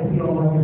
Thank you.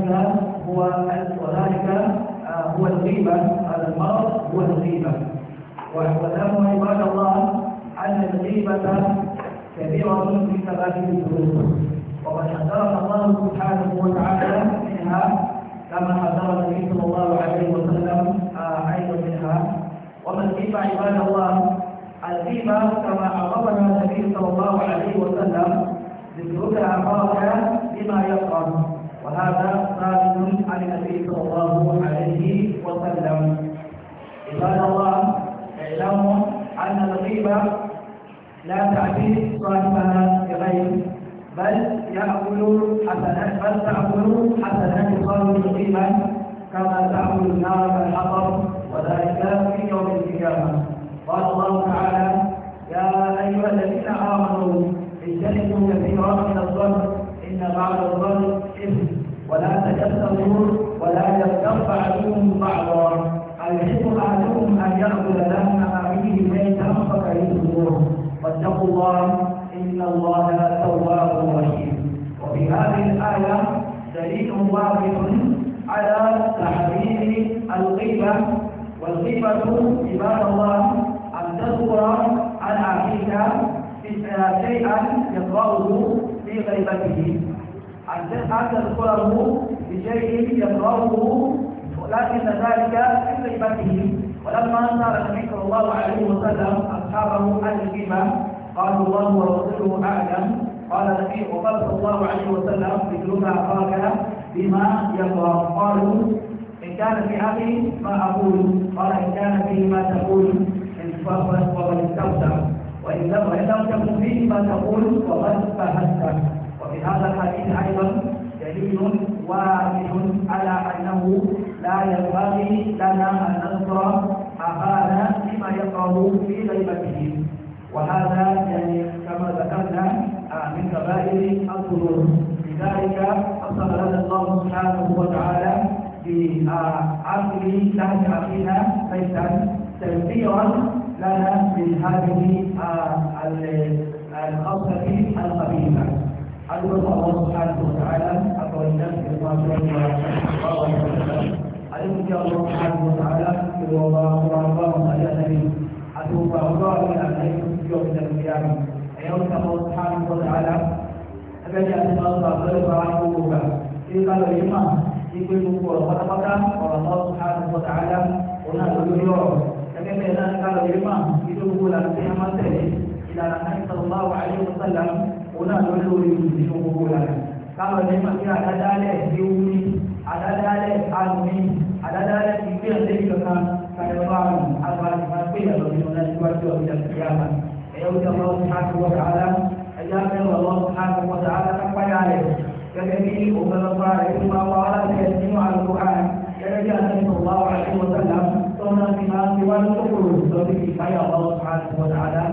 وذلك هو آه، وذلك هو الغيبة هذا المرض هو الغيبة وذلك عباد الله أن الغيبة كبيرة في ثبات الذنوب وقد حذرنا الله سبحانه وتعالى منها كما حذر النبي صلى الله عليه وسلم آه، أيضا منها وما الغيبة عباد الله الغيبة كما عرفنا النبي صلى الله عليه وسلم ذكرها قال بما يقرأ وهذا ثابت عن النبي صلى الله عليه وسلم عباد الله اعلموا ان الغيبه لا تاتي صاحبها بغير بل ياكل حسنات بل تاكل حسنات صاحب الغيبه كما تاكل النار الحطب وذلك في يوم القيامه قال الله تعالى يا ايها الذين امنوا اجتنبوا كثيرا من الظن ان بعد الظن ولا تجسسوا ولا يرتفع بعضكم بعضا أيحب أحدكم أن يأكل لحم أخيه ميتا فكرهتموه واتقوا الله إن الله تواب رحيم وفي هذه الآية دليل واضح على تحريم الغيبة والغيبة عباد الله أن تذكر عن أخيك شيئا يقرأه في غيبته حتى يذكره بشيء يكرهه لكن ذلك في غيبته ولما صار النبي صلى الله عليه وسلم اصحابه عن الغيبه قالوا الله ورسوله اعلم قال النبي صلى الله عليه وسلم مثلما اخاك بما يكره قالوا ان كان في هذه ما اقول قال ان كان فيه ما تقول فقد استفتى وان لم تكن فيه ما تقول فقد فهمت وفي هذا الحديث أيضا دليل واضح على أنه لا ينبغي لنا أن نذكر أخانا فيما يقع في غيبته وهذا يعني كما ذكرنا آه، من كبائر الظنون لذلك أصل لنا الله سبحانه وتعالى بعقل تحت أخينا ليسا تذكيرا لنا من هذه آه، الخطة القبيحة أدعو الله سبحانه وتعالى أقوى الناس بما شاء الله يا الله سبحانه وتعالى إلى الله ورحمة على النبي أدعو الله إلى أن يكون يوم القيامة أيام الله سبحانه وتعالى أبدا أن الله غير رحمه إذا قال لما يقول الله الله سبحانه وتعالى ونحن اليوم لكن إذا قال لما يقول الله سبحانه وتعالى إلى أن صلى الله عليه وسلم òun náà ló lórí nínú gbogbo rẹ̀ káwọn ní ma kí àdádálẹ̀ ti wú ní àdádálẹ̀ àlù ní àdádálẹ̀ ti gbé ọ̀sẹ̀ yìí kankan kálẹ̀ bá àlù àgbàlù máa gbé ìyàtọ̀ nínú náà síwájú ọ̀gbìn àti ìyàmà ẹ̀yọ́ ìjà máa ń ká wọ́n kàálá ẹ̀yà mẹ́wàá lọ́wọ́ ká wọ́n kàálá kápáyà rẹ̀ gẹ́gẹ́ bí òmìnira rẹ̀ tó máa wá láti ẹ̀ nínú àlùkò àrùn gẹ́gẹ́ bí àti ìṣọ̀lá àti ìwọ̀sálà tó máa fi máa ń fi wá lókòrò lọ́dún ìfáyà ọlọ́run ká wọ́n kàálá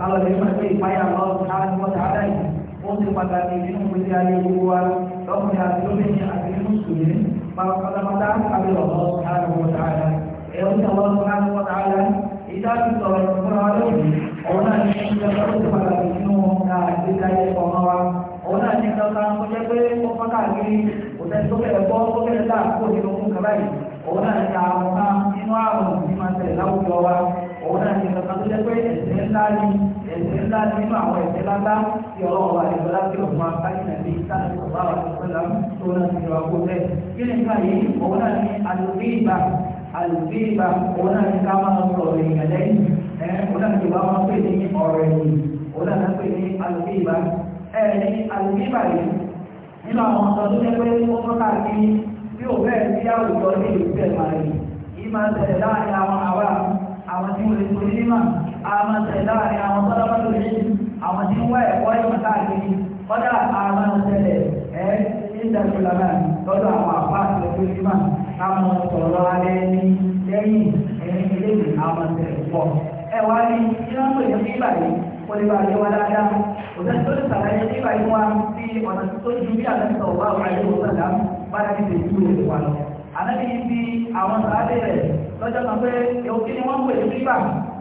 kalau lima sih payah Allah Subhanahu wa taala ini untuk pada diri menjadi dua dan menjadi dunia akhir muslimin maka pada kami Allah Subhanahu wa taala eh, ya Allah Subhanahu wa taala kita kita berharap orang yang berharap kepada diri nah kita yang pemahaman orang yang datang menjadi pemakan ini untuk itu kita boleh kita tak boleh mengkaji orang yang datang ini orang yang masih lalu jawab òun náà ní kankan tó jẹ́ pé ẹ̀ṣẹ̀ ńlá ni ẹ̀ṣẹ̀ ńlá nínú àwọn ẹ̀ṣẹ̀ ńláńlá tí ọlọ́run wà nígbà láti ọ̀gbọ́n akáyìnà ní sáàtì ọ̀bá wà ní pẹ́lá tó náà ti rọ̀ àgbo bẹ́ẹ̀. kí ni nǹkan yìí òun náà ní àlùbíìbà àlùbíìbà òun náà ní ká máa sọ̀rọ̀ èèyàn lẹ́yìn òun náà ní ìwà máa pè ní ọ̀rọ̀ ẹ̀yìn òun náà pè ní àlùbíìbà ẹ̀ ní àlùbíìbà yìí nínú àwọn ọ̀sán tó jẹ́ pé ó tọ́ka sí bí òun bẹ́ẹ̀ sí àwùjọ ní ìlú tẹ̀ máa yìí máa tẹ̀lé láàárín àwọn àwa àwọn tí wọ́n lè torí mímọ̀ àwọn tẹ̀lé láàrin àwọn tọ́lá bá lórí àwọn tí wọ́n ẹ̀kọ́ ìmọ̀ káàkiri kọ́dà àwọn tẹ̀lé ẹ̀ ìdàgbòlámà lọ́dọ̀ àwọn àpá àti ẹ̀kọ́ mímọ̀ káwọn sọ̀rọ̀ alẹ́ ní lẹ́yìn ẹ̀yìn ilé àwọn tẹ̀lé pọ̀ ẹ wá ní iná tó yẹ kí ìbàdí kò lè bàjẹ́ wa dáadáa òṣèlú tó lè sàlàyé ní ìbàdí wa bí ọ̀nà tó ju bí àlẹ́sọ̀ wà wà ní ìwòsàn dáa bá dáa ti tẹ̀síwò wà lọ. àlẹ́ lọ́jọ́ kan pé èwo kí ni wọ́n ń pè ní bíbà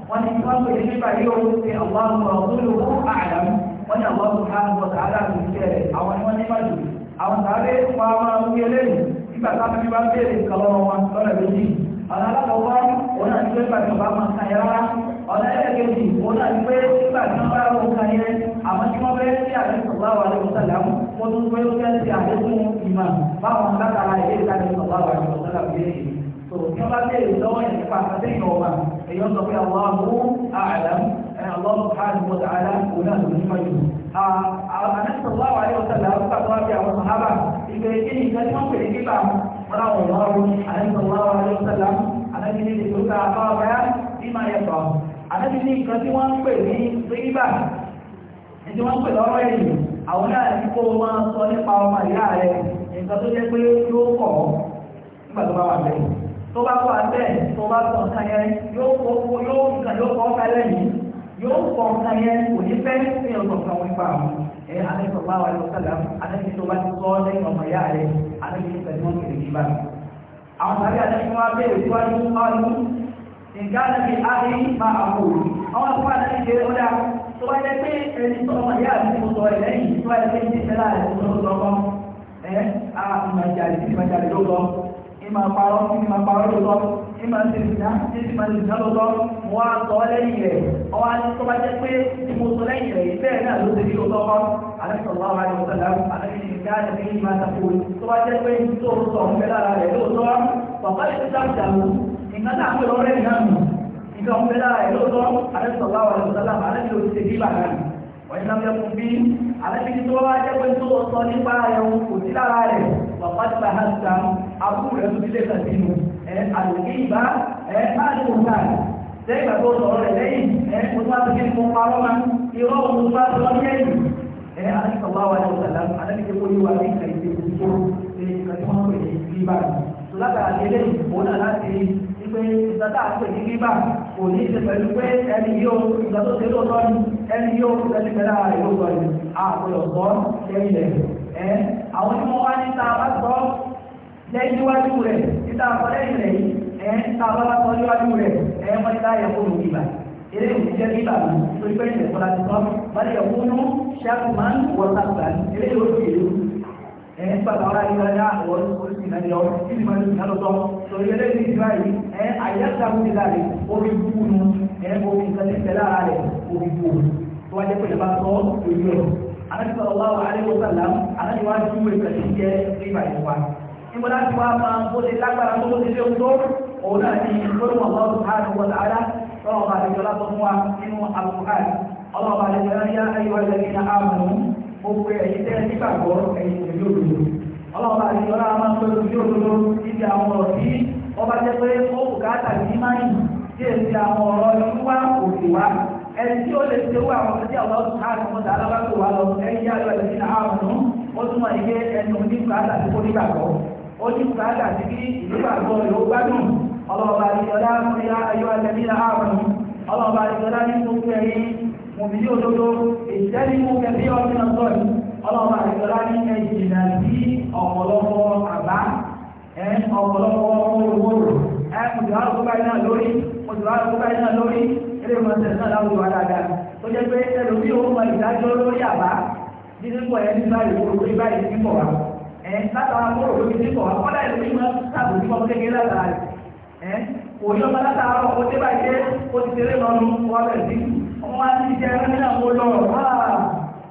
wọ́n ní wọ́n ń pè ní bíbà yóò ṣe àwọn àwọn olùlù fún àdàm wọ́n ní àwọn àwọn àwọn àwọn àdàm ìṣẹ́ rẹ̀ àwọn ni wọ́n ní màjù àwọn sáré pa máa ń wí eléyìí nígbà táwọn bíbá béèrè kọlọ́ wọn lọ́nà méjì ọ̀nà alákọ̀ọ́kọ́ òun náà ti pé pàṣẹ bá máa kan yàrá ọ̀nà ẹlẹ́gẹ̀ẹ́jì òun náà ti pé nígbà tí wọ́n bá rọ̀ kan yẹn àmọ́ tí wọ́n bẹ́ẹ̀ sí àdéhùn ọ̀gbáwà lẹ́wọ̀sálàmù wọ́n tún pé ó fẹ́ sí àdéhùn ìmọ̀ báwọn látara ìdí ìdájọ́ ọ̀gbáwà lẹ́wọ̀sálàmù yẹn tó tí wọ́n bá béèrè lọ́wọ́ yẹn nípa àtàtẹ́yìn ọba èèyàn sọ pé Allahu a'lam Allahu subhanahu wa ta'ala òun náà lòún nípa jù. àmẹ́sọ̀lá wà ní ọ̀sẹ̀ làwọn bá tó wá bí àwọn sàhábà ìgbèrè kí ni ìgbà tí wọ́n pèrè nípa àwọn ọ̀rọ̀ àmẹ́sọ̀lá wà ní ọ̀sẹ̀ làwọn àmẹ́sọ̀lá ìlú ká àbáwá bí máa yẹ fà àmẹ́sọ̀lá ní nǹkan tí wọ́n ń pè àwọn náà tó bá kọ́ abẹ́ tó bá kọ́ nǹkan yẹn yóò kọ́ yóò nǹkan yóò kọ́ ọ́kà lẹ́yìn yóò kọ́ nǹkan yẹn kò ní fẹ́ fi hàn kankan wọn pa àwọn ẹ alẹ́sọ̀ bá wà lọ́sàlá alẹ́sọ̀ tó bá ti sọ lẹ́yìn ọmọ ìyá rẹ alẹ́sọ̀ tó tẹ̀lé wọn kiri kí bá. àwọn tàbí alẹ́sọ̀ wọn bẹ̀rẹ̀ síwájú ọdún nǹkan alẹ́sọ̀ ayé máa àpò àwọn àpò alẹ́sọ̀ ó dá tó bá yẹ pé ẹni tó ọmọ ìyá mi mo sọ ẹlẹ́yìn tó bá yẹ pé ní ìfẹ́ láàrin tó lọ́kọ́ ẹ àmàjà ìfìmàjà lọ́kọ́ ìmọ̀ àpárọ̀ ìmọ̀ àpárọ̀ lọ́tọ́ ìmọ̀ ṣe ìdá ìdí ìmọ̀ ìdá lọ́tọ́ mo wá sọ lẹ́yìn rẹ̀ ọwọ́ tó bá jẹ́ pé tí mo sọ lẹ́yìn rẹ̀ bẹ́ẹ̀ náà ló ṣe bí lọ́tọ́ kọ́ alẹ́sọ̀rọ̀ àwọn àdìmọ̀sọ̀lá alẹ́sìnká ẹ̀mí ìmọ̀ àtàkù tó bá jẹ́ pé tó sọ ọ̀fẹ́ lára rẹ̀ lóòótọ́ bàbá ìṣẹ́jà ìjàlú nǹkan náà pé ọ̀rẹ́ ìnáàmù nǹkan ọ̀fẹ́ lára rẹ̀ lóòótọ́ alẹ́sọ̀rọ̀ àwọn àdìmọ̀sọ̀lá alẹ́sìn òṣìṣẹ́ bí bàbá wọ́n iná fẹ́ fún bí alẹ́sìn tó wá jẹ́ pé tó sọ nípa ẹ̀hún kò sí lára rẹ̀ bàbá ìṣẹ́jà àbúrò rẹ̀ tó ti lé kàn sínú àlùkí ìbá láàrin òun náà lẹ́yìn ìgbà tó sọ̀rọ̀ rẹ̀ lẹ́yìn mo tún wá sí kí n kọ́ parọ́ ma irọ́ òun tó bá sọ lẹ́yìn ẹ̀ alẹ́sọ̀lá wa yóò sàlá alẹ́sọ̀lá wa yóò wà ní ìkà ìdè tó ṣe ìkà tí wọ́n pè ní bíbá tó látara lélẹ̀ òun náà láti pé ìsàtà àpè ní bíbá kò ní ṣe pẹ̀lú pé ẹni yóò ìgbà tó ṣe lóòótọ́ ni ẹni yóò ẹni pẹ̀lú ara yóò sọ ni àpòlọ̀ sọ ẹ̀yìn rẹ̀ ẹ̀ àwọn tí wọ́n wá ní ta bá sọ lẹ́yìn iwájú rẹ̀ títà àkọlẹ́yìn rẹ̀ yìí ẹ̀ ń ta bọ́lá kọ́ níwájú rẹ̀ ẹ̀ ń mọ́tí láyẹ̀ kó lórí ibà eré ìwé jẹ́ bíbà mi lórí pé ìṣẹ̀ kọ́lá ti tán wálé ẹ̀kúnú ṣáàkù máa ń wọ sàgbà eré ìwé ti èlú ẹ̀ ń gbàgbà wọ́n ayé wájá àwọn oríṣi ìlànà ọ̀ kí ni màá lò tọ́ lórí eré ìwé ìgbà yìí ẹ̀ àyàtà wúni láre orí kúkúnu ẹ̀ omi ìkànnì ìfẹ́ lára rẹ̀ orí kúkúnu tó wájẹ́ pé ìjọba sọ ojú ẹ̀ alájùmọ̀ wà wà alẹ́ wọ́sàlám alájùmọ̀ wá ju ìkànnì jẹ́ bíbà ìwà níbo láti wá máa bó ṣe lágbára tó ṣe ṣe ń tó òun náà ni lórí wọn lọ́wọ́ subhanahu wa ta'ala lọ́wọ́ bá lè jọlá tó fún wa nínú Al-Qur'an ọlọ́wọ́ bá lè jọlá yá ayé wa lẹ́yìn náà àmọ́ gbogbo ẹ̀yìn tẹ́ nígbàgbọ́ ẹ̀yìn òjò òdodo ọlọ́wọ́ bá lè jọlá máa ń pẹ́ òjò òdodo níbi àwọn ọ̀rọ̀ tí ọba jẹ́ pé ó kù káàtà ní máyì tí è ti àwọn ọ̀rọ̀ ẹni tí ó lè ṣe owó àwọn ọ̀rọ̀ tí àwọn ọ̀rọ̀ subhanahu bá lè wà lọ ẹ̀yìn yá ayé wa lẹ́yìn náà ó túmọ̀ ìgbé ẹni onígbàgbọ́ ó ní bùkátà sí bí ìgbàgbọ́ yóò gbádùn ọlọ́ọ̀bà àdìsọ́lá fún ya ayọ́ àtẹ̀mílà ààrùn ọlọ́ọ̀bà àdìsọ́lá ní tó fún ẹ̀yìn mòmìnì òdodo ìtẹ́límù kẹfí ọdún ọgbọ́n ọlọ́ọ̀bà àdìsọ́lá ní ẹ̀jìnà sí ọ̀pọ̀lọpọ̀ àbá ọ̀pọ̀lọpọ̀ olùwòrò ẹ̀ mùsùlùmá àkókò iná lórí mùsùlùmá àkókò iná lórí eré mọ̀tẹ̀ náà láwùjọ adáadáa tó jẹ́ pé ẹlòmíì ó mọ ìdájọ́ lórí àbá nínú ìpọ̀ ẹ̀ nígbà ìwòrò pé báyìí nípò wa ẹ látara kúrò lórí títọ̀ àkọ́dá ìlú yìí máa sábò ní ọmọ kékeré látara rẹ̀ ẹ òní ọmọ látara rọ̀ ó débà jẹ́ ó ti tẹ̀lé lọ́nu wọn bẹ̀ sí ọmọ wa ti jẹ ẹni náà mo lọ wá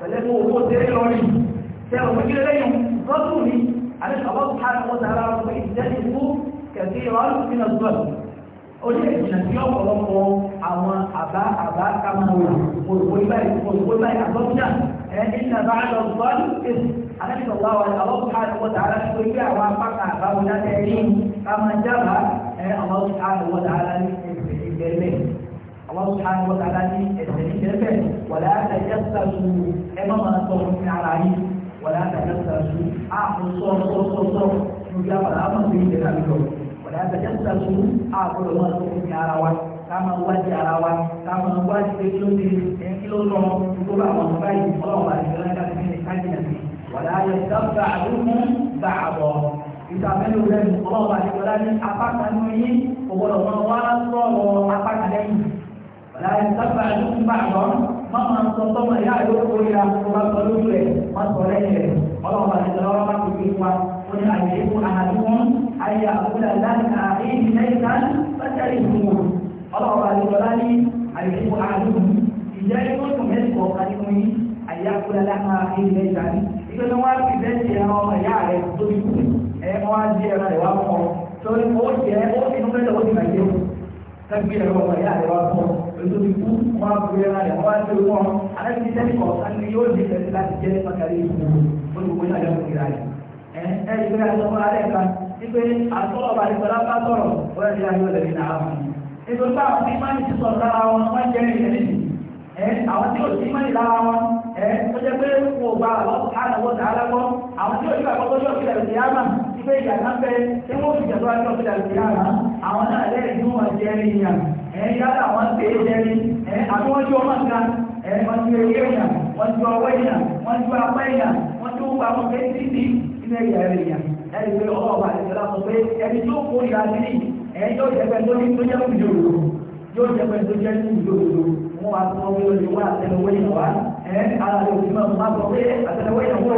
pẹ̀lẹ́ kó owó tẹ̀lé lọ́rin tẹ òkú kí lẹ́yìn rọ́tù ni àti ọ̀bọ̀ sùhánù ó dára ọmọ ìjẹ́ni fún kẹ̀sí ọ̀rọ̀ sínú ọ̀dọ́ ó lè jìnà sí ọ̀pọ̀lọpọ̀ àwọn àbá àbá kámọ́ òwò ìbáyìí àbọ̀bíyà ẹ̀ ní nàbà àlọ́ bọ́ọ̀lù èsì anábìsọ̀ bá wà lọ́wọ́ sùhánù wọ́n tààrà ní pé bí àwọn apáka àbáwọn dáadáa ẹni ká máa jábà ẹ àwọn sùhánù wọ́n tààrà ní ẹsẹ̀ ìgbẹ́lẹ̀ àwọn sùhánù wọ́n tààrà ní ẹsẹ̀ ìgbẹ́lẹ̀ wọ̀lá àtàjẹ́ sàṣù ẹ má máa sọ fún ara yìí wọ̀lá àtàjẹ́ sàṣù àkùsọ̀ sọ̀sọ̀sọ̀ níbi àbàlá àmọ̀ sí ìjẹ́ta lọ wọ̀lá àtàjẹ́ sàṣù àkùsọ̀ máa sọ fún ara wa káma wájú ara wa káma wájú pé kí ló dé kí ló lọ gbogbo àwọn ọmọ báyìí ọlọ́wọ́ àti ìjọba ká ti fi ní ká jìnnà sí i wàlá ayé sábà àdúgbò gbà àbọ̀ ìsàmẹ́lò rẹ̀ ní ọlọ́ọ̀bà àdìgbọ́lá ní apáta ní oyin òwòlò wọn wá sọ̀rọ̀ apáta lẹ́yìn wàlá ayé sábà àdúgbò gbà àbọ̀ má máa sọ tọ́mọ ìyá rẹ̀ ó kórè àkókò bá sọ lójú rẹ̀ má sọ lẹ́yìn rẹ̀ ọlọ́ọ̀bà àdìgbọ́lá wá kò fi wá ó ní àyẹ̀kú àhàdúgbọ́n ayé àkúlà láti àárín ìdílé kúlẹ̀ lápá ilẹ̀ ìgbàdí ìgbẹ́ ni wọ́n á fi bẹ́ẹ̀ ṣe ẹran ọmọ ìyá rẹ̀ tó ti kú ẹ̀ wọ́n á di ẹran ìwà fún ọ torí ó jẹ́ ó ti nú mẹ́tọ̀ ó ti bàjẹ́ o tẹ́gbẹ́ ẹran ọmọ ìyá rẹ̀ wá fún ọ èso ti kú wọ́n á fi ẹran rẹ̀ wọ́n á ti rú wọn aláìsí di ẹ̀sìn láti jẹ́ pàtàkì ìgbòho ó ti kú ní àjọ ìgbé àtọ́rọ̀ ìmáàmì ti sọ̀rọ̀ lára wọn wọ́n jẹ́ ìrìn àwọn tí ò sí mọ́ ìlara wọn tó jẹ́ pé wò gba àlọ́ ànáwó tààlà gbọ́ àwọn tí ò sí àkọ́kọ́ yóò fi dàrú sí àmà tí pé ìyá náà fẹ́ tí wọ́n fi jẹ̀dọ́ àjọ fi dàrú sí àmà àwọn náà lẹ́yìn tí wọ́n jẹ́ ní ìyà yálà àwọn tè é jẹ́ ní àbí wọ́n jọ ọmọ nǹkan wọ́n ju ewé èèyàn wọ́n ju ọwọ́ èèyàn wọ́n ju apá èèyàn wọ́n ju gbogbo àwọn fẹ́ sí sí ilé ìyá èèyàn ẹni pé ọwọ́ ọba àti ìjọba sọ pé ẹni tó kó ìyá sí ẹni yóò jẹ́ pẹ́ tó ní tó jẹ́ kùjòrò yóò jẹ́ pẹ́ tó jẹ́ kùjòrò wọ́n wá sọ pé olè wá àtẹnuwé yẹn wá ẹ̀ ara rẹ̀ òbí máa má sọ pé àtẹnuwé yẹn wó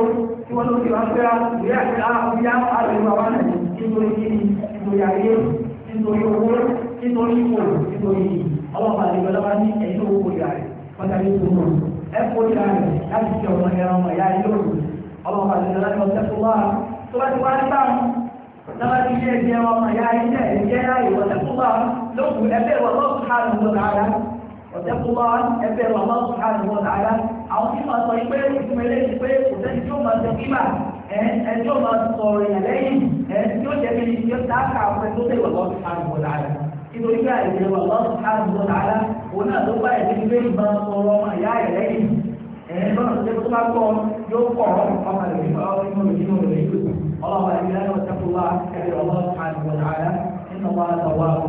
tí wọ́n ló ti wá pé ìwé àti àwòyá ara ìwà wá nà nítorí kíni nítorí ayé nítorí owó nítorí ipò nítorí ọlọ́pàá àdìgbọ́lá wá ní ẹ̀yìn owó kò yà rẹ̀ pàtàkì ìṣòro ẹ̀ kò yà rẹ̀ láti fi ọmọ ẹran ọmọ ìyá ilé òru ọlọ́pàá àdìgbọ́lá ní ọ̀sẹ̀ tó wá tó bá ti wá ní báwọn lọ́wọ́ ti ẹgbẹ́ ọmọ ìyá ilé ẹ̀jẹ̀ láì wọ̀sẹ̀ tó wá lókùn ẹgbẹ́ wọ̀ lọ́kùn ọ̀tẹ́kùn bá ẹgbẹ́ rẹ̀ ọmọ sùn láti wọ́n tààrà àwọn tí máa sọ pé ìfúnmi lẹ́yìn pé kò sẹ́ni tí ó máa sọ kíbà ẹ tí ó máa sọ ìyàn lẹ́yìn ẹ tí ó jẹ́ kí ni táàkà ọ̀pẹ tó tẹ̀wé ọmọ sùn láti wọ́n tààrà nítorí pé àìsè wà lọ́sùn láti òun náà ló bá ẹ̀sìn pé ìmọ̀ sọ̀rọ̀ ọmọ ìyá ẹ̀ lẹ́yìn ẹ̀ lọ́nà tó tó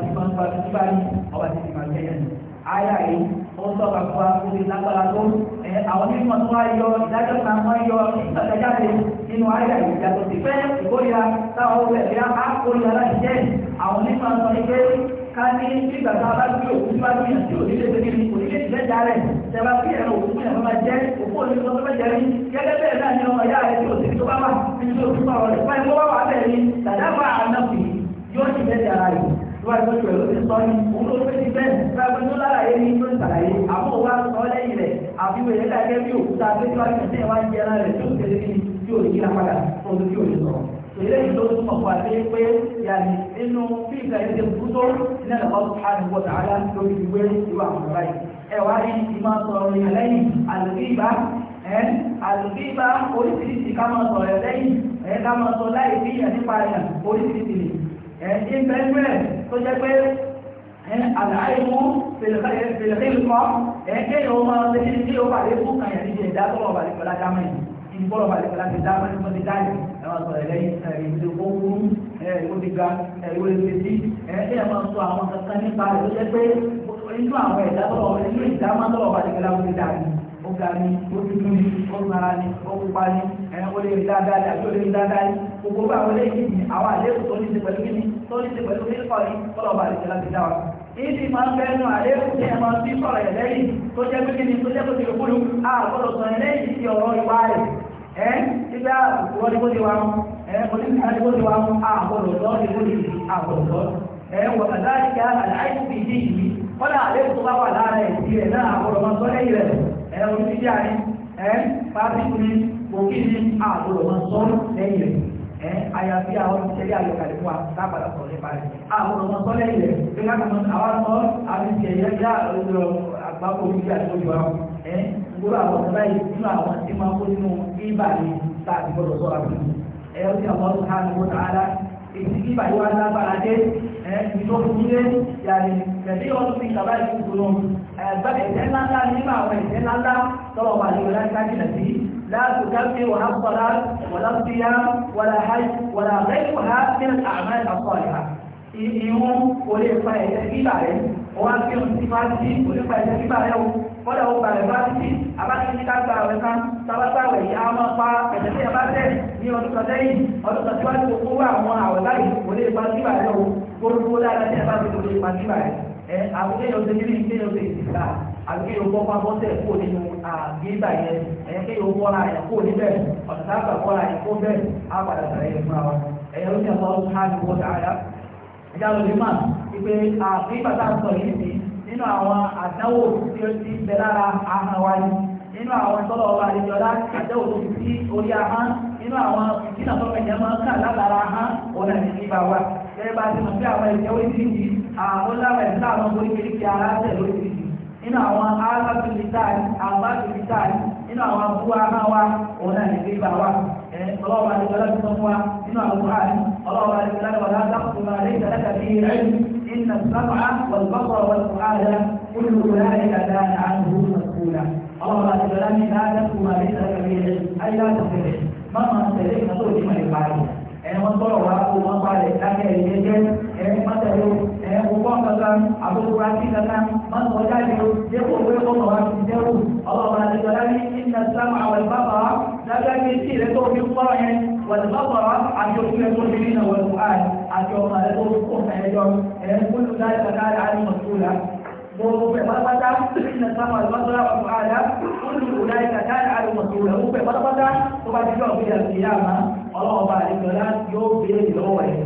tí wọ́n ń gba tó bá yìí ọba tí ìgbà jẹ́ yẹn. Ayá yìí, ó sọ kàkó akúlé lágbára tó. Ẹ àwọn onímọ̀ tó wá yọ ìdájọ́ kan wọ́n yọ ìtọ́jáde nínú ayá yìí. Yàtọ̀ sí fẹ́ ìkórira táwọn ọ̀rẹ́ bí a kórira láti jẹ́. Àwọn onímọ̀ sọ ní pé ká ní nígbà tá a bá gbé òkú bá gbé yàn tí òní lè gbé ní òní lè já jàre. Tẹ̀wá sí ẹ̀rọ òkú yàn máa jẹ́ òkú òní lọ́wọ́ bá jẹ́ rí. Gẹ́gẹ́ bẹ́ẹ̀ náà ni ọmọ ìyá rẹ̀ tí òsì tó bá wà nínú òkú bá wọlé. Báyìí wọ́n wá wà bẹ́ẹ̀ ni dàdá wà á náà fì yóò ti bẹ́ẹ̀ jàrá yìí wọ́n ti gbọ́dọ̀ ló ti sọ ní òun ló fẹ́ ti bẹ́ẹ̀ gbàgbé tó lára yé ní tó ń sàlàyé àmọ́ wa sọ lẹ́yìn rẹ̀ àfi wẹ̀ yẹn dàgẹ́ bí òkúta pé tí wàá fi ṣe wá ń jẹ ara rẹ̀ tó ń tẹ̀lé ní tí ò ní yíra padà tó ń tí ò ní sọ̀rọ̀. ilé yìí ló tún mọ̀ fún àti pé yàrá nínú bí ìgbà yẹn ti kú tó iná lọ́wọ́ subhanahu wa ta'ala lórí ìwé ìwà àwọn ọ̀rá yìí ẹ wá rí ìmọ̀ sọ̀rọ̀ ìyàlẹ́yìn àlùkíbà àlùkíbà ẹ̀ ẹ̀ẹ́dín bẹ́ẹ̀ tó jẹ́ pé àlàáìmú fèlèkìlùkọ́ ẹ̀ẹ́dín yóò máa ń lè ní ó pàdé fún kàyà ní ìjẹ́ ìdátọ́lọ̀ balẹ̀ pẹ̀lá dámẹ́ ìdí bọ́lọ̀ balẹ̀ pẹ̀lá ti dámẹ́ ní wọ́n ti dáyà ẹ̀wọ̀n sọ̀rọ̀ ẹ̀lẹ́yìn ìdí kókó ẹ̀wọ̀n ti ga ẹ̀wọ̀n ti ti ẹ̀ẹ́dín yà máa ń sọ àwọn kankan nípa rẹ̀ tó jẹ́ pé inú àwọn ìdátọ́lọ̀ inú ó ga ni ó dúdú ni ó nara ni ó pupa ni ẹ ó lè rí dáadáa ni àbí ó lè rí dáadáa ni gbogbo bá àwọn eléyìí ni àwọn àléébù tó ní ti pẹ̀lú kíni tó ní ti pẹ̀lú kíni kọ́ ni kọ́lọ̀ bá lè jẹ́ láti dá wa. ìdí máa ń bẹ́ nu àléébù tí ẹ máa ń fi sọ̀rọ̀ ẹ̀ lẹ́yìn tó jẹ́ pé kíni tó jẹ́ pé kíni kúlù á gbọ́dọ̀ sọ ẹ̀ lẹ́yìn ti ọ̀rọ̀ ìwà rẹ̀ ẹ́ ibà àgbọ̀dọ̀ lọ́ bó ti wà lára onídíà ni ẹ pápíkù ni òkè ni àbúrò wọn sọ lẹ́yìn rẹ̀ ẹ àyàfi àwọn ìṣẹ̀lẹ̀ àyọkàlẹ̀ fún wa lápàdà sọ nípa rẹ̀ àbúrò wọn sọ lẹ́yìn rẹ̀ pé káàkiri àwọn sọ àbí ìṣẹ̀lẹ̀ yá ọjọ́ àgbákò onídíà tó yọ àwọn ẹ gbogbo àwọn ọ̀sán báyìí nínú àwọn tí máa kó nínú bíbà ni tá a ti gbọdọ̀ sọ àbúrò ẹ ọtí àwọn ọ̀sán ìjọ ìdílé yàrá ìgbẹ̀dẹ́ ọdún ní ìjọba ìlú gbòòrò ẹ̀gbẹ́ ẹ̀jẹ̀ ńláńlá nínú àwọn ẹ̀jẹ̀ ńláńlá tọ́wọ́ wà ní ìlú láti sí láti gáfẹ́ wàhá kọ́lá wàlá síyá wàlá hajj wàlá bẹ́ẹ̀ wàhá sí àmọ́ ẹ̀kọ́ ìhà ìhun kò lè fa ẹ̀jẹ̀ bíbà rẹ̀ wọ́n á fi ohun ti máa ti kò lè fa ẹ̀jẹ̀ bíbà rẹ̀ o kọ́dà ó bàrẹ̀ bá ti abájúmí ọdún kan lẹ́yìn ọdún kan gbogbo lára tẹ́ bá gbogbo ipa nígbà rẹ̀ ẹ àbúkẹ́ yóò ṣe nílé ìgbé yóò ṣe ìsìlá àbúkẹ́ yóò bọ́ pàbọ́sẹ̀ kó nínú àgbégbà yẹn ẹ kẹ́ yóò bọ́ra ẹ̀ kó níbẹ̀ ọ̀sán àgbà bọ́ra ẹ̀ kó bẹ́ẹ̀ á padà sàrẹ̀ ẹ̀ fún wa ẹ̀yẹ ló ń yàtọ̀ káàdì wọ́n dáadáa ẹ̀dá ló lè má ìpè àgbégbà tá a sọ yìí sí nínú àwọn àdáwò tí ó ti bẹ lára ahọ́n wa ni nínú àwọn tọ́lọ̀ ọba àdéjọ́lá àdáwò tó fi orí ahọ́n nínú àwọn ìdínà tọ́lọ̀ máa ń kà látara ahọ́n òun àti ìgbà wa bẹ́ẹ̀ bá ti mọ̀ sí àwọn ìjẹ́ oríṣiríṣi àwọn láwọn ẹ̀sán àwọn oríṣiríṣi ara tẹ̀ lóríṣiríṣi nínú àwọn alábàtúndínláàdì àbátúndínláàdì nínú àwọn abúlé amáwa òun náà lè gbé ibà wa ọlọ́wọ́ adébọlá ti sọ fún wa nínú àwọn buhari ọlọ́wọ́ adébọlá ti wọlé adákùnrin máa lè tẹ̀lé tàbí ẹ̀yìn nínú sábà wọlùbọ́kọ̀ wọlùbọ́kọ̀ كل ذلك كان عنه مسؤولا الله تعالى لا تكن ما ليس لك به علم اي لا تفرح ما ما تريد تقول لما يفعله ẹni wọn tọrọ wa kó wọn bá lè dá kankan àbúrúra sí kankan máa ń sọ jáde o dépò pé ó sọ wá sí dẹ́wù ọlọ́ọ̀bà àdìgbọ́lá ní iná sáwọn àwọn ìbáfà lágbàgbé sí rẹ̀ tó fi kọ́rọ̀ yẹn wàlúbàbọ̀rọ̀ àti òkú rẹ̀ tó fi nínú wọ̀lú àì àti ọmọ rẹ̀ tó kó ẹ̀yọ́ ẹ̀ ń kúlù láì kankan àìmọ̀ tó la gbogbo ẹ̀ pátápátá iná sáwọn àlùbáṣọ́lá ọ̀tún àdá kúlù láì kankan àìmọ̀ tó la gbogbo ẹ̀ pátápátá tó bá ti jọ́ ọ̀gbìn àti ìyá àmà ọlọ́ọ̀bà àdìgbọ́lá yóò béèrè lọ́wọ́ ẹ̀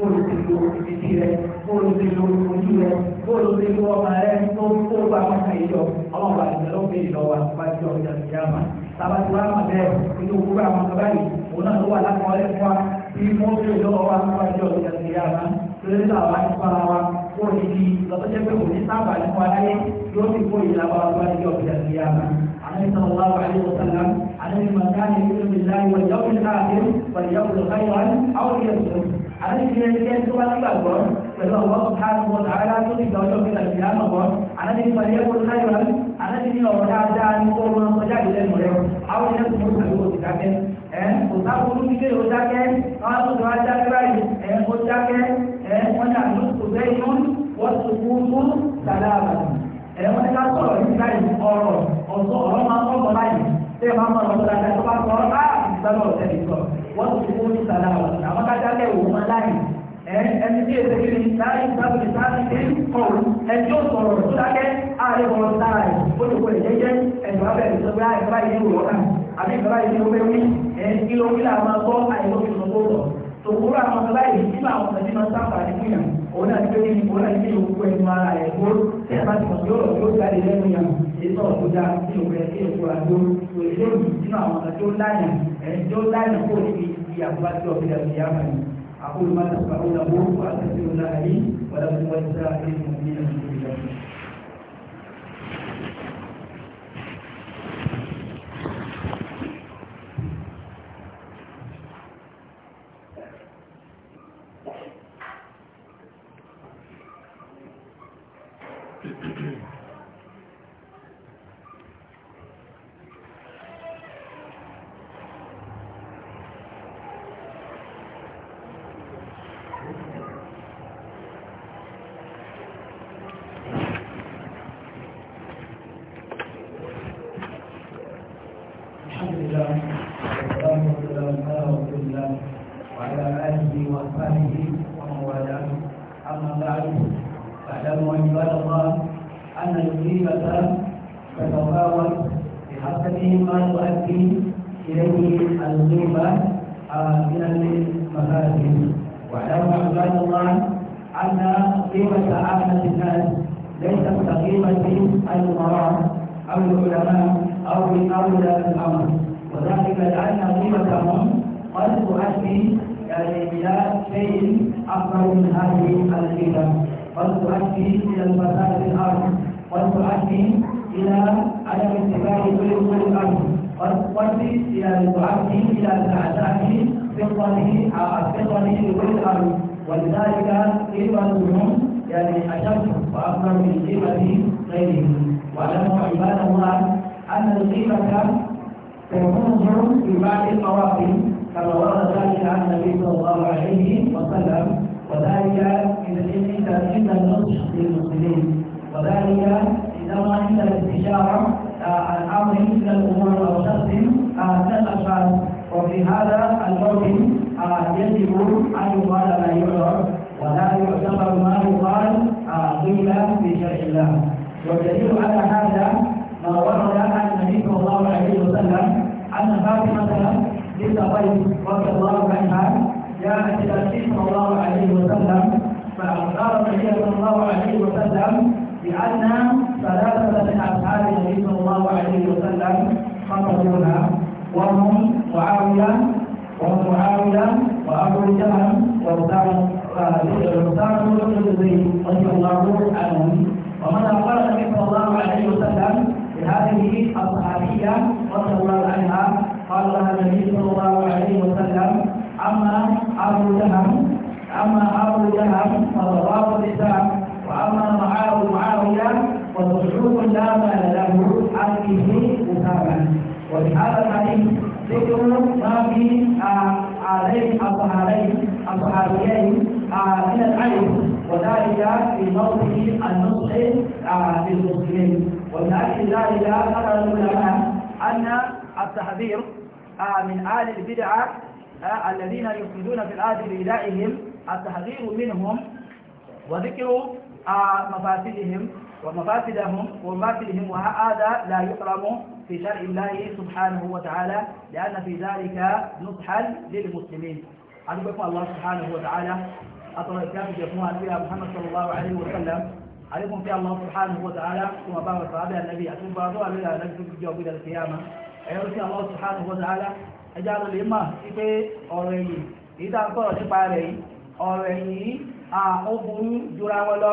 bóòlù ti lo ìdí rẹ bóòlù ti lo ojú rẹ bóòlù ti lo ọmọ rẹ tó tó gba ọmọ ìjọ ọlọ́run bá ìjọ ló ń bèèrè lọ́wọ́ bá jọ ọjà sí àmà sábàtì wa mà bẹ́ẹ̀ inú òwúrọ̀ àwọn ọmọ báyìí òun náà ló wà lákọọ́lẹ̀ fún wa bí wọ́n bèèrè lọ́wọ́ wa bá jọ ọjà sí àmà lórí làwọn àti fara wa kó o níbi lọ́tọ́jẹ́ pé kò sábà ní wa láyé yóò sì kó ìlà wa bá jọ ọjà sí àmà عليه صلى الله عليه وسلم عليه من كان يؤمن àti ìdílé ẹgbẹ́ tó bá nígbàgbọ́ pẹ̀lú ọ̀wọ́ káàkiri wọn àárá tó ti gbà ọjọ́ pé tàbí àmọ̀ wọn àti ìdílé ìpàdé ẹ̀kọ́ láyọ̀ rẹ̀ àti ìdílé ọ̀rọ̀ dáadáa ní kó wọn kọjá ìlẹ̀ mọ̀ rẹ̀ àwọn ilé tó mọ̀ pẹ̀lú òsì dákẹ́ ẹ̀ kò sáfúrú ní kéèrò dákẹ́ àwọn tó tó wá dákẹ́ báyìí ẹ̀ ó dákẹ́ ẹ̀ wọ́n ní àdúgbò tó bẹ́ wọ́n ti fún ní sàlá wọn àwọn kájá lẹ́wọ̀ wọn láì ẹni tí èsè kiri láì sábìlì sábìlì tí ń kọ̀ ẹni yóò sọ̀rọ̀ tó dákẹ́ ààrẹ wọn lára ẹ̀ ó ti kọ ìjẹ́jẹ́ ẹ̀sùn abẹ́rẹ́ sọ pé àìsàn báyìí ní ìwọ̀n náà àbí ìjọba yìí ní omi wí ẹni kí ló kí làwọn gbọ́ àìsàn tó tó lọ tòkúrò àwọn ọ̀sán yìí nínú àwọn ọ̀sán tí wọ́n sábà ní fún yàn òun náà ti pé kí ni òun náà ti pé gbogbo ẹnu ara ẹ̀ kó tí a bá ti mọ̀ sí ọ̀rọ̀ tó jáde lẹ́nu yàn èyí sọ̀rọ̀ tó dáa tí òun rẹ̀ kí èkó àgbo òṣèlú nínú àwọn ọ̀sán tó láyàn ẹ̀ tó láyàn kó níbi diambat wa bila kiyaman aku lima tasbahu lahu wa atasiru lahi wa lahu wa isra'il mu'minin syurga Thank you. شيء أكبر من هذه الفتن قد تؤدي إلى الفساد في الأرض قد تؤدي إلى عدم اتباع كل أمور الأرض قد تؤدي إلى تؤدي إلى تعداد فطنه فطنه لكل الأرض ولذلك قيمة قيمتهم يعني أشد وأكبر من قيمة غيره واعلموا عباد الله أن القيمة تكون في بعض المواقف كما ورد ذلك عن النبي صلى الله عليه وسلم وذلك عند النصح للمسلمين وذلك عندما عند الاستشارة آه، عن امر من الامور او شخص من آه، الاشخاص وفي هذا الموقف آه، يجب ان يقال ما يعرف ولا يعتبر ما يقال قيل في شرع الله والدليل على هذا ما ورد عن النبي صلى الله عليه وسلم ان فاطمه بنت قيس رضي الله عنها جاءت الى النبي صلى الله عليه وسلم فاخبرت النبي صلى الله عليه وسلم بان ثلاثه من اصحاب النبي صلى الله عليه وسلم خطبونا وهم معاويه وهم معاويه وابو جهل وابتسام بن الزبير رضي الله عنهم ومن اخبر النبي صلى الله عليه وسلم بهذه الصحابيه رضي الله عنها صلى الله عليه وسلم أما أبو جهم أما أبو جهم فضراب الإسلام وأما معاوية فمشروع لا مال له عن به أسامة وبهذا الحديث ذكر ما في عليه الصحابيين الصحابيين من العيب وذلك في موته النصح للمسلمين ومن اجل ذلك قال العلماء ان التحذير آه، من آل البدعة آه، الذين يفسدون في الأرض بإلائهم التحذير منهم وذكر آه، مفاسدهم ومفاسدهم ومفاسدهم وهذا لا يحرم في شرع الله سبحانه وتعالى لأن في ذلك نصحا للمسلمين أدعوكم الله سبحانه وتعالى أطلع الكافي جمهور فيها محمد صلى الله عليه وسلم عليكم في الله سبحانه وتعالى ثم بارك على النبي أتوب بعضها لله نجد في الجواب إلى القيامة ẹ̀yọ́ sí àwọn subhanahu wa ta'ala ẹjá ló lè mọ̀ sí pé ọ̀rọ̀ ẹ̀yìn èyí tá ń sọ̀rọ̀ nípa rẹ̀ yìí ọ̀rọ̀ ẹ̀yìn yìí ó burú jura wọn lọ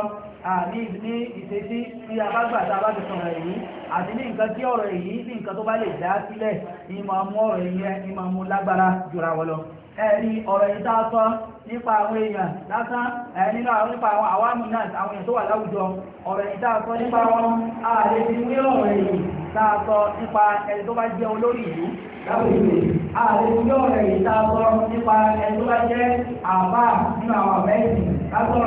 àní ní ìṣesí tí a bá gbà tá a bá ti sọ̀rọ̀ èyí àti ní nǹkan tí ọ̀rọ̀ èyí ní nǹkan tó bá lè dá sílẹ̀ ní máa ọ̀rọ̀ ẹ̀yìn ní máa mú lágbára jura wọn lọ ẹ̀rí ọ̀rọ̀ yìí dáàtọ́ nípa àwọn èèyàn lásán nínú náà nípa àwọn àwámù náà àwọn èèyàn tó wà láwùjọ ọ̀rọ̀ yìí dáàtọ́ nípa wọn ààrẹ ti ní ọ̀rọ̀ èyí nípa ẹni tó bá jẹ́ olórí ìlú láwùjọ ààrẹ ti ní ọ̀rọ̀ èyí nípa ẹni tó bá jẹ́ àbá nínú àwọn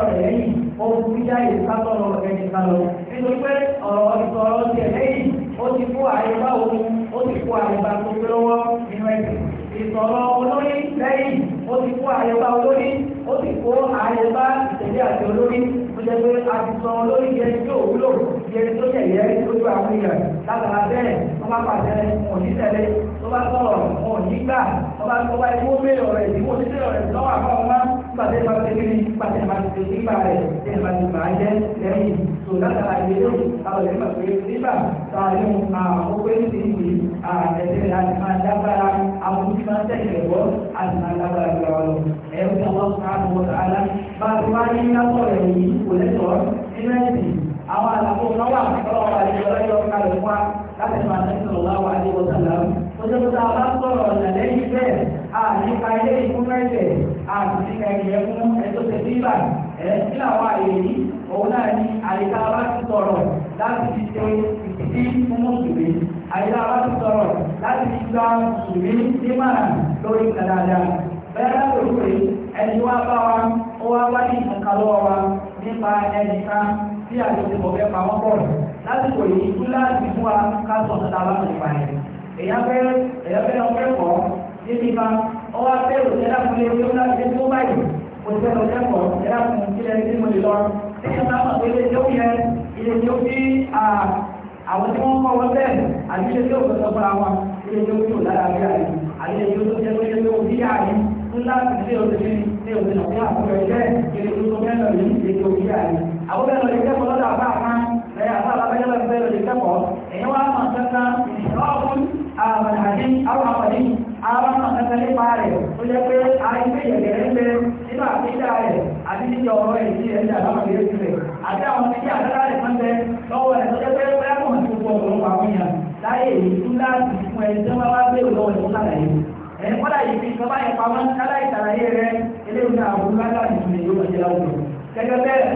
ọ̀rọ̀ ó ti lẹ́yìn ó ti kó àyẹ̀bá olórí ó ti kó àyẹ̀bá ìtẹ̀lé àti olórí ó jẹ́ pé a ti sọ olórí yẹn tí ò wúlò yẹn tó yẹ̀ yẹ́ lójú àwọn èèyàn látara bẹ́ẹ̀ wọ́n bá pàṣẹ òní tẹ̀lé tó bá sọ̀rọ̀ òní gbà wọ́n bá tó bá ikú bẹ́ẹ̀ ọ̀rẹ́ ìdíwọ́ títí ọ̀rẹ́ lọ́wọ́ àkọ́ wọn bá pàṣẹ bá ti rí pàṣẹ bá ti rí nígbà rẹ̀ tẹ̀lé bá ti bàá jẹ́ lẹ́yìn tò látara ìdílé àwọn ìlú pàṣẹ nígbà tààrí àwọn pé ní ti ìdí ẹ̀jẹ̀ àti máa dábàrà àwọn tí máa ń tẹ̀lé ẹ̀wọ́ àti máa dábàrà ìgbà wọn. ẹ̀rù tí wọ́n sọ àwọn ọ̀tá alá bá a ti wá ní lápọ̀ rẹ̀ yìí kò lẹ́tọ̀ọ́ nínú ẹ̀sìn àwọn àlàfo náwà ọlọ́wà àti ọlọ́yọ̀ kalẹ̀ fún wa láti máa tẹ̀sán ọ̀la wà ní ọ̀sán Ojúbọ̀tà bá sọ̀rọ̀ ọ̀nà lẹ́yìn bẹ́ẹ̀, a nípa ilé ìfúnmẹ́jẹ̀, a nípa ẹ̀yẹ fún ẹ̀tọ́ tẹ̀síbà, ẹ̀ sí àwọn àyè yìí, òun náà ní àyíká bá ti sọ̀rọ̀ láti fi ṣe ìdí fún mùsùlùmí àyíká bá ti sọ̀rọ̀ láti fi gba mùsùlùmí nímọ̀ràn lórí kàdáadá bẹ́ẹ̀ lọ́dọ̀ pé ẹni wá bá wa ó wá wá ní ìkàkà lọ́wọ́ wa nípa ẹnì kan tí àjọṣepọ̀ fẹ́ pa wọ́n pọ̀ lásìkò yìí tún láti fún wa ká sọ ọ̀tọ̀ ẹ̀yẹ́ sábà tó ilé tó yẹ ilé tó bí àwọn tí wọ́n kọ́ wọn bẹ́ẹ̀ àbí ilé tó kọ́ sọ́kọ́ra wọn ilé tó tó lára bí àyè àbí ilé tó jẹ́ tó yẹ tó bí àyè ńlá ilé òṣèlú ilé òṣèlú ní àkókò ẹ̀jẹ̀ ilé tó tó mẹ́lọ yìí ilé tó bí àyè àwọn bẹ́ẹ̀ lọ lè kẹ́kọ̀ọ́ lọ́dọ̀ àbá àmá ẹ̀yà àbá àbájá lọ bẹ́ẹ̀ lọ lè kẹ́kọ̀ọ́ ẹ̀yẹ́ wá máa sẹ́ta ìṣọ́ọ̀kún àmàlàdí àwọn àmàlàdí àwọn àmàlàdí nípa rẹ̀ tó jẹ́ pé àìsí ìyẹ̀gẹ̀rẹ̀ àti yíyọ ọ̀rọ̀ èyí ẹ̀jẹ̀ àbáwọn èyí sílẹ̀ àti àwọn tí yíyà dára rẹ̀ fún ẹ lọ́wọ́ ẹ̀ tọ́jọ́ pé bóyá kò ní gbogbo ọ̀rọ̀ àwọn èèyàn láyé èyí tún láti fún ẹni tó máa gbé lọ́wọ́ ẹ̀ fún àlàyé ẹ̀ kọ́lá yìí fi ìjọba yẹn pamọ́ káláì tàlàyé rẹ eléyìí náà àwọn olùkọ́ àtìmọ̀ yóò wọ́n jẹ́ láwùjọ gẹ́gẹ́ bẹ́ẹ̀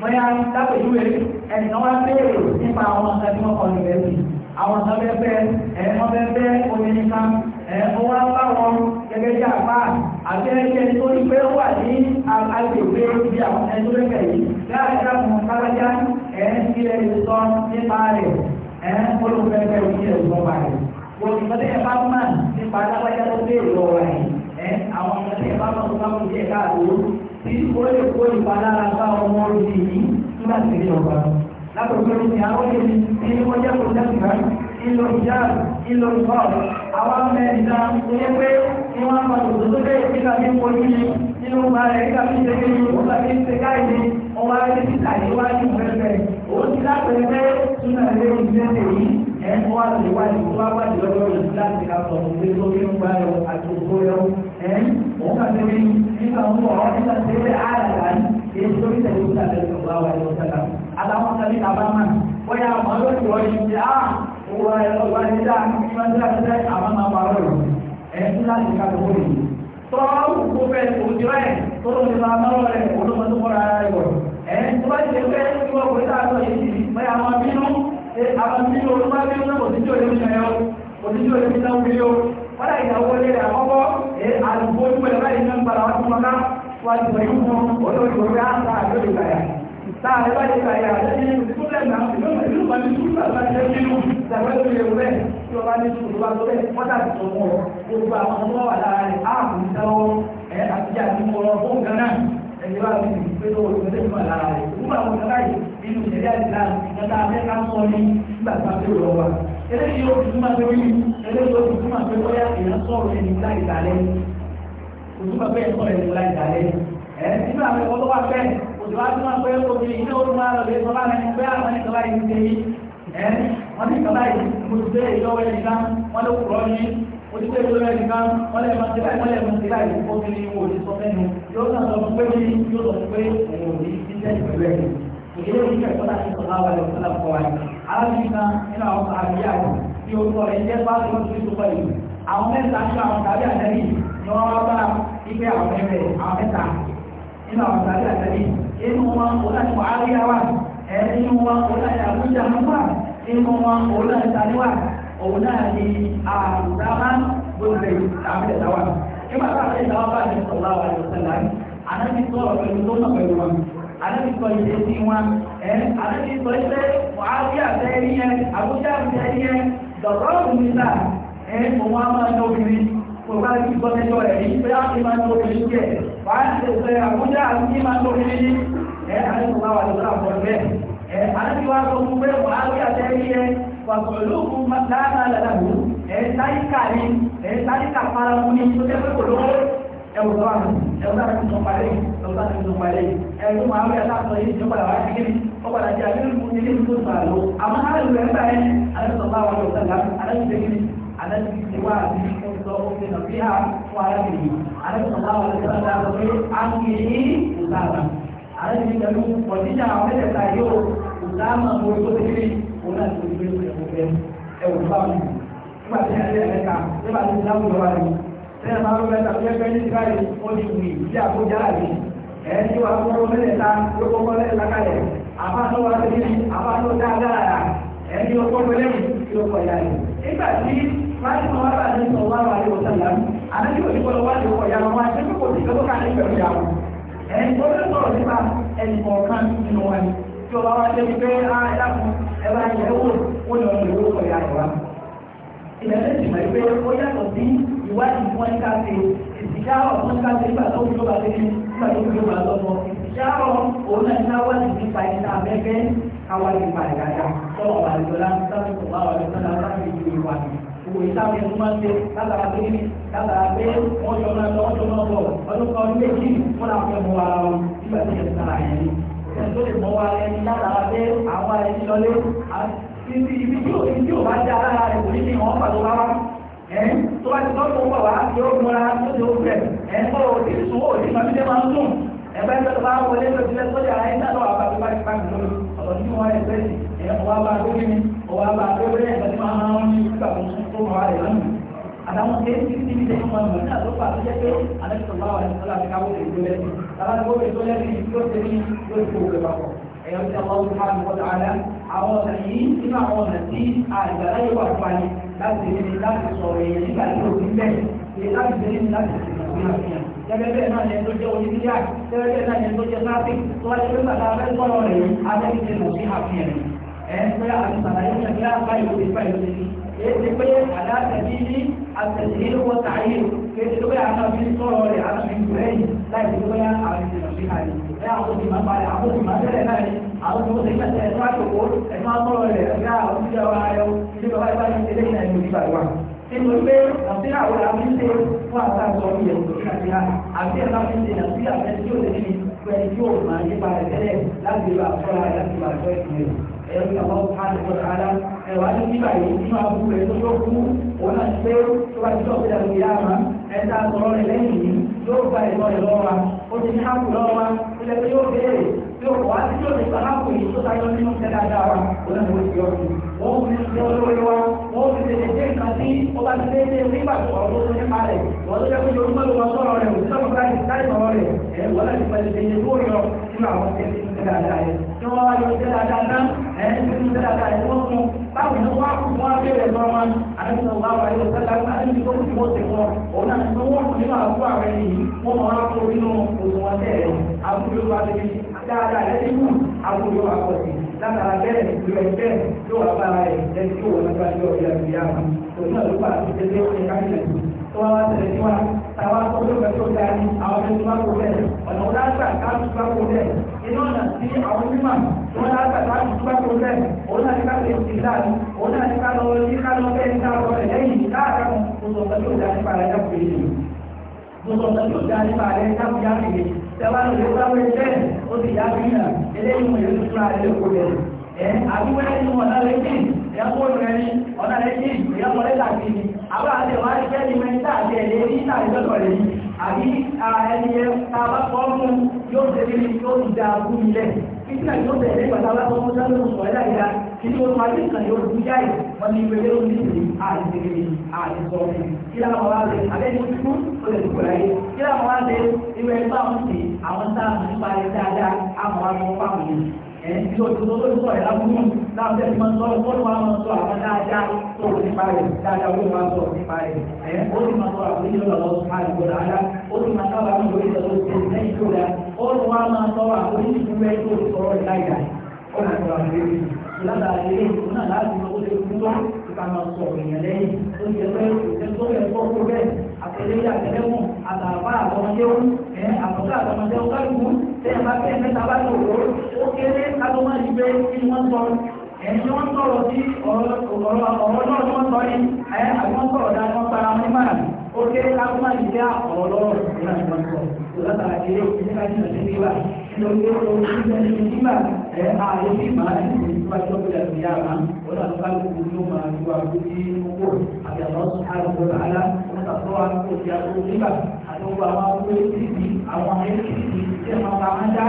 bóyá lápèjúwe ẹnì kan bẹ́ẹ̀ àwọn bẹ́ẹ̀ bẹ́ẹ̀ ẹ̀ wọ́n kan ẹ̀ ó wá ìjà ẹ̀dúrẹ́kẹ̀ yìí láàrín àwọn kálájá ẹ̀ ń kílẹ̀ ìsọ nípa rẹ̀ ẹ̀ ń olùfẹ́fẹ́ òkìlẹ̀ ìsọ pa rẹ̀ olùfẹ́fẹ́ ẹ̀ bá mọ̀ nípa alágbájá tó dé ìlọ rẹ̀ ẹ̀ àwọn ọmọdé ẹ̀ bá mọ̀ tó bá mú díẹ̀ káàdó tí ó lè kó ìpalára bá ọmọ òbí yìí nígbà tí ó lọ lápapọ̀ ní àwọn ènìyàn ní wọ́n jẹ́ kó dá ìlọ ìjà ìlọ ìbọ̀ọ̀ àwọn mẹ́rin náà tó yẹ pé kí wọ́n máa lòdò tó bẹ́ẹ̀ kí tàbí ń kojú ni nínú ba rẹ̀ kí tàbí ń ṣe kéyìn ó tàbí ń ṣe káyì ni wọ́n wá lé títà yìí wá ní ìfẹ́fẹ́ ó ti lápẹ̀rẹ̀ pé túnà lé ìgbésẹ̀ yìí ẹ̀ ń wá lè wá ìlú wá wá lọ́wọ́ rẹ̀ láti ká sọ fún pé tó kí ń gba ẹ̀rọ àti òkú rẹ̀ ẹ̀ òun kà tẹ́lẹ̀ nígbà ń bọ̀ nígbà tẹ́lẹ̀ àràlà yìí èyí tó ń ń wọ́n ọgbà ìdá ìmọ̀dá ìdá àwọn máa wà lọ́rọ̀ ẹ̀ ń láti ká lówó yìí tọ́wọ́ kó fẹ́ òjò ẹ̀ tó ló ń lọ amọ́rọ̀ rẹ̀ olóko tó kọ́ra rẹ̀ wọ̀ ẹ̀ tó bá ti fẹ́ kí wọ́n kò dá àtọ̀ yìí sí pé àwọn bínú àwọn bínú olúwa bínú náà òtítí òní ṣe ẹ̀ òtítí òní ṣe ń wíyó wọ́n dà ìyàwó lé àkọ́kọ́ àlùkò ìpẹ̀lẹ́ báyìí náà ń gbàlá wá láàrin bá ti kàyà àti ìtúlẹ̀ náà ìlú bá ti tún bàbá jẹ́ nínú ìtàwé tó yẹ wẹ́ tí ọba ní tún ìlúwa tó bẹ̀ wọ́n tàbí tó mọ̀ gbogbo àwọn ọmọ wà láàrin áàbù ìtawọ́ ẹ̀ àti àti mọ̀ ọ́ fún gan náà ẹ̀yẹ́ wà ní ìpè tó wọ́n tẹ̀lé wà láàrin gbogbo àwọn ọ̀gá yìí nínú ìṣẹ̀lẹ̀ àti láàrin ìgbàta abẹ́ká sọ ní nígbà tá a fẹ́ lọ wa eléyìí ó fi túmọ̀ pé wí ìwádìí máa pé obìnrin iná ó máa lọ lè sọ bá ẹni pé àwọn ìkọlá yìí ń tẹ̀lé ẹ́ wọ́n ní ìkọlá yìí mo ti gbé ìlọ́wọ́ ẹni kan wọ́n ló kúrọ́ ní ojúgbé ìlọ́wọ́ ẹni kan wọ́n lè máa ti láì wọ́n lè máa ti láì obìnrin wo ni sọ fẹ́nu yóò náà sọ pé mi yóò sọ pé òun ò ní títẹ́ ìpẹ̀lú ẹ̀yìn òkèlè oníkẹ́ ìkọlá yìí sọ ni wọ́n wá bá ipe àwọn ẹgbẹ́ àwọn nínú àwọn sàárì àtẹ́bí inú wọn òun láti wà áríyá wà ẹ̀ẹ́nú wọn òun láti àbújá wà inú wọn òun láti taniwà òun náà ni àbúrámá gbogbo àbúrẹ̀ dáwà nígbà tá àbúrẹ̀ dáwà bá ní sọ̀lá wà ní ọ̀sẹ̀lá ànábi sọ ọ̀rọ̀ pẹ̀lú tó mọ̀ pẹ̀lú wọn ànábi sọ ìdè sí wọn ẹ̀ ànábi sọ ìfẹ́ wàhálà àtẹ́rí yẹn àbújá àtẹ́rí yẹn dọ̀rọ̀ òmìnira ẹ̀ òun obìnrin kò wàá ṣe ṣe àbújá àti kí máa ń lórí níbi ẹ àdéhùn máa wà lórí àpò ẹgbẹ́ ẹ àdéhùn wa sọ fún pé wàá rí àtẹ rí ẹ wà pẹ̀lú òkun dáadáa lẹ́lẹ́wò ẹ táyíkà ni ẹ táyíkà para mu ni tó tẹ́fẹ́ kò lówó ẹ wò lọ́wọ́ àná ẹ wò láti tún parí ẹ wò láti tún parí ẹ tó máa rí àtà sọ yìí tó padà wá sí kíni ó padà jẹ àdéhùn mu nílé tó gbà lọ àmọ́ àdéhùn rẹ̀ àrẹ́sọ̀láwà lẹ́sọ̀lá pé a ń kì í ìsáàmà àrẹ́sì pẹ̀lú pọ̀tíjà mẹ́tẹ̀ẹ̀ta yóò ìsáàmà tó tó ti rí òun náà ti gbé ẹ̀wọ̀n ẹ̀wọ̀n bá mi nígbà tí ẹ̀rẹ́ ẹ̀ka nígbà tí ìsáàmù lọ́wọ́ rẹ̀ tẹ́lẹ̀ máa ló mẹ́ta tó yẹ pé ní ìbáyé ó ti wù ìdí àkójá rẹ̀ ẹ̀ẹ́ tí wàá kọ́kọ́ mẹ́tẹ̀ẹ̀ta ló kọ́kọ́ mẹ́tẹ̀ẹ̀ta kalẹ̀ láti mọ wáyé àti sọ wá wáyé wọ́n sẹ́lá àti yóò yíwọ́ lọ́wọ́ àti ọkọ̀ yàrá wọn àti kókò sí kókò ká ní pẹ̀lú yàrá ẹni tó ń sọ̀rọ̀ nípa ẹni kọ̀ọ̀kan nínú wọn tí ọba wa ṣe pé á dákun ẹ bá yẹ wò ó ní ọmọ ìwé ọkọ̀ yàrá wa. ìbẹ̀rẹ̀ sì mọ̀ pé ó yàtọ̀ sí ìwádìí fún ẹni káfíń ìsìkáwọ̀ fún káfíń nígbà tó nígbà tó fi kò ní sáfẹ́ tó máa ń ṣe látara pé látara pé wọ́n jọ náà wọ́n jọ náà bọ̀ ọdún kan ní méjì wọ́n náà fẹ́ mọ ara wọn nígbà tí ẹ̀ sára yẹn ni. ẹ̀ tó lè mọ wa ẹni látara pé àwọn ẹni lọlé ibi ibi tí òbí tí òbá dá lára rẹ̀ kò ní fi hàn pàtó rárá. ẹ̀ tó bá ti tọ́jú pọ̀ wá yóò múra tó ti ó bẹ̀ ẹ̀ ń bọ̀ òdì sùn òdì àtàwọn ṣe ń fi níbi tẹ́lẹ̀ wọn mọ̀ náà ló fà tó jẹ́ pé alẹ́sọ̀lá wà ní sọ́lá àfikà wọ́n lè tó lẹ́sìn tàbá ni wọ́n lè tó lẹ́sìn yóò ṣe ní yóò ṣe òwe papọ̀ ẹ̀yọ́ ti àwọn ọdún fáwọn ọdún ààrẹ àwọn ọ̀nà yìí nínú àwọn ọ̀nà tí àgbàlá yóò wà fún ayé láti ṣe ní láti sọ̀rọ̀ èèyàn nígbà tí òbí bẹ́ẹ̀ ṣe láti ṣe ní láti ṣe ìgbàgbé àfihàn ní kéde pé àdáàtẹ̀lí ní àtẹ̀lí wọ́n tààyè kéde pé àwọn fi sọ̀rọ̀ rẹ̀ àwọn fi gbẹ̀ yìí láì fi gbẹ̀ àwọn ìṣẹ̀lẹ̀ fi hàn yìí ẹ̀ àwọn òbí máa parẹ́ àwọn òbí máa tẹ̀lẹ̀ náà ni àwọn tó ń tẹ̀lé ẹ̀ tó àjòkó ẹ̀ máa sọ̀rọ̀ rẹ̀ ẹ̀ àwọn ìṣẹ̀lẹ̀ wa ayọ̀ ìṣẹ̀lẹ̀ wa ìbáyé eléyìí náà ni òbí bàjẹ́ nínú pé nàìjíríà wo la fi ń ṣe fún àtàkùn ọ̀yẹ̀ nàìjíríà àti ẹ̀ la fi ń ṣe nàìjíríà fẹ́ tí ó lè fi pẹ̀lú yóò máa yípa rẹ̀ tẹ́lẹ̀ láti lè bá a fọ́ra láti bá a fọ́ ìpínlẹ̀ ẹ̀rọ ìyàwó àti ìjọba ara ẹ̀wà ní bíbà yìí nínú àbúrò rẹ̀ tó yóò kú òun náà pé tó bá ti sọ̀rọ̀ ìdàgbé yá ma ẹ̀ta sọ̀rọ̀ rẹ̀ lẹ́yìn yìí yóò gba ìmọ̀ rẹ̀ lọ́wọ́ wa ó ti ní hàpù lọ́wọ́ wa ó lẹ́ pé yóò béèrè yóò wá sí yóò ti sàlápù yìí tó tayọ nínú tẹ́lẹ̀ àdáa wa òun náà ló ti yọ sí wọ́n fi ṣe olóore wa wọ́n fi ṣe ṣe nǹkan sí ọba ti déédé nígbà tó ọ̀rọ̀ tó nípa rẹ̀ wọ́n tó jẹ́ pé yorùbá ló wọ sọ̀rọ̀ rẹ̀ òun sọ̀rọ̀ báyìí láì sọ̀rọ̀ rẹ̀ ẹ̀ wọ́n láti pẹ̀lú ṣe ṣe tó yọ nínú àwọn tẹ́lẹ̀ àdáa rẹ̀ tí wọ́n wá yọ tẹ́lẹ̀ àd ní ìṣẹ̀lẹ̀ àgbà ìwọ́n fún báwo ni wọ́n á kú wọ́n á bẹ̀rẹ̀ lọ wọn àdéhùn ọ̀gá wa yóò sẹ́lá àdéhùn tó kù wọ́n ti wọ́n òun náà ni wọ́n kù nínú àbúrò àwọn ẹni yìí wọ́n máa wá kó nínú òṣùwọ̀n tẹ̀lé àbúrò wa ti fi dáadáa lẹ́yìn kù àbúrò wa kọ̀ sí látara bẹ́ẹ̀ lọ ẹgbẹ́ yóò wá bára ẹ̀ lẹ́yìn tó wọ́n tí ó dá nípa rẹ̀ jáde jáde yìí tẹ́wá ló lè sáwé jẹ́ ó sì yá bí náà eléyìí mo yẹn tuntun àrẹ lè kó lẹ̀ ẹ̀ àbúwẹ́ nínú ọ̀nà rẹ̀ jìn ìyá kó rẹ̀ ní ọ̀nà rẹ̀ jìn ìyá mọ̀lẹ́ tàbí ni àwọn àti ẹ̀wọ̀n àti fẹ́ẹ́ ni mẹ́ta àti ẹ̀lẹ́ ní ìtàrí lọ́dọ̀ rẹ̀ yìí àbí ẹni yẹn tá bá kọ́ fún yóò ṣe yóò ti dáa fún ilẹ̀ kìí ló máa lè sàn yóò dúdú jáì wọn ní ìwé lérò ní ìlú àìsèré àìsọ kí lára wọn wá lè abẹ́ni kú ó lè dúpọ̀ láyé kí lára wọn wá lè ìwé ẹgbẹ́ àwọn sì àwọn táàmù nípa rẹ̀ dáadáa àwọn àwọn ọmọ fáwọn yìí ẹ̀yìn tí ó ti tó lórí sọ̀rọ̀ lábúrú láwọn tẹ̀sí máa ń sọ ọdún wa máa ń sọ àwọn dáadáa tó wù nípa rẹ̀ dáadáa ó máa ń sọ nípa rẹ̀ ẹ̀yìn ó sì máa sọ àwọn ilé ọ̀dọ́ àdìgbò dáadáa ó sì máa sábà ń lórí ìdọ̀tọ̀ tó ti lẹ́yìn tó dáa ó sì wá máa sọ àwọn ilé ìfúnwẹ́ tó ti sọ̀rọ̀ láìdáa ó máa sọ àwọn ilé ìfúnwẹ́ látara ilé ìlú náà láti lọ wọlé ìlú wa ìka máa sọ èèyàn lẹ́yìn ó ti ẹgbẹ́ ìtẹ́sọ́rọ̀ ẹ̀kọ́ kó bẹ́ẹ̀ àtẹlẹ́yìn àtẹlẹ́wọ̀n àtàwọn àtọmọdéwọ́ ẹ̀ àtọ́ká àtọmọdéwọ́ káàkiri tẹ́yìn bá tẹ́yìn mẹ́ta bá lò ó ó kéré kájọ́mọ́ni pé kí wọ́n sọ ẹ̀yìn wọ́n sọ̀rọ̀ sí ọ̀rọ̀ náà tí wọ́n sọ yìí ẹ̀ àwọn sọ̀rọ̀ dáa wọ́n para wọn nímọ̀ràn ó kéré kájọ́mọ́ni pé ọ̀rọ̀ lọ́rọ̀ ìlànà ìwọ̀n sọ̀rọ̀ látara ilé ìdíkàjì náà ti rí wà nítorí ó lọ sí ìgbẹ́ni nígbà ẹ ààyè bí màá ní ìlú tí wàá tóbi lẹ́nu yá ma ó dà tó bá gbogbo ní o máa ju àgbo tí ó kó àti àwọn sùhárù tó bá yá ó dà tó wà kó ti àgbo nígbà àti gbogbo àwọn àgbo ìdí àwọn ẹ̀ẹ́dì tí ẹ̀ máa máa dá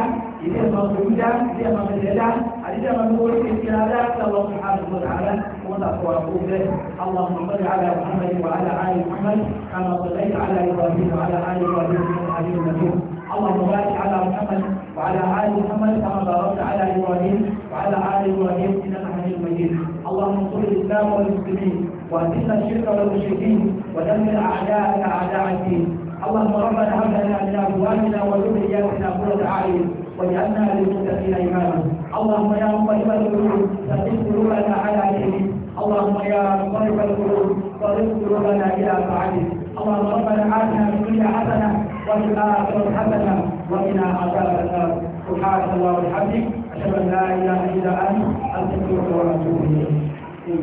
ilé ẹ̀ máa gbòmí dá ilé ẹ̀ máa mẹ́lẹ̀ dá àti ilé ẹ̀ máa gbòmí dá ilé ẹ̀ máa gbòmí dá ilé ẹ̀ máa gbòmí اللهم صل على محمد وعلى ال محمد كما صليت على ابراهيم وعلى ال ابراهيم انك حميد مجيد اللهم بارك على محمد وعلى آل محمد كما باركت على إبراهيم وعلى آل إبراهيم إنك حميد مجيد اللهم انصر الإسلام والمسلمين وأذل الشرك والمشركين ودمر أعداءك أعداء الدين اللهم ربنا هب لنا من أبوابنا وذرياتنا قرة أعين واجعلنا للمتقين إماما اللهم يا مقلب القلوب ثبت قلوبنا على دينك اللهم يا مقلب القلوب فرد قلوبنا إلى طاعتك اللهم ربنا آتنا من كل حسنة وفي الآخرة حسنة وإنا عذاب سبحانك الله وبحمدك اشهد ان لا اله الا انت استغفرك واتوب اليك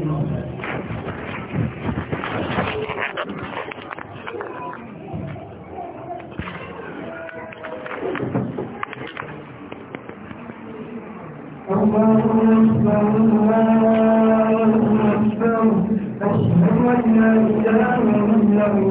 الله أكبر الله أكبر أشهد أن لا إله إلا الله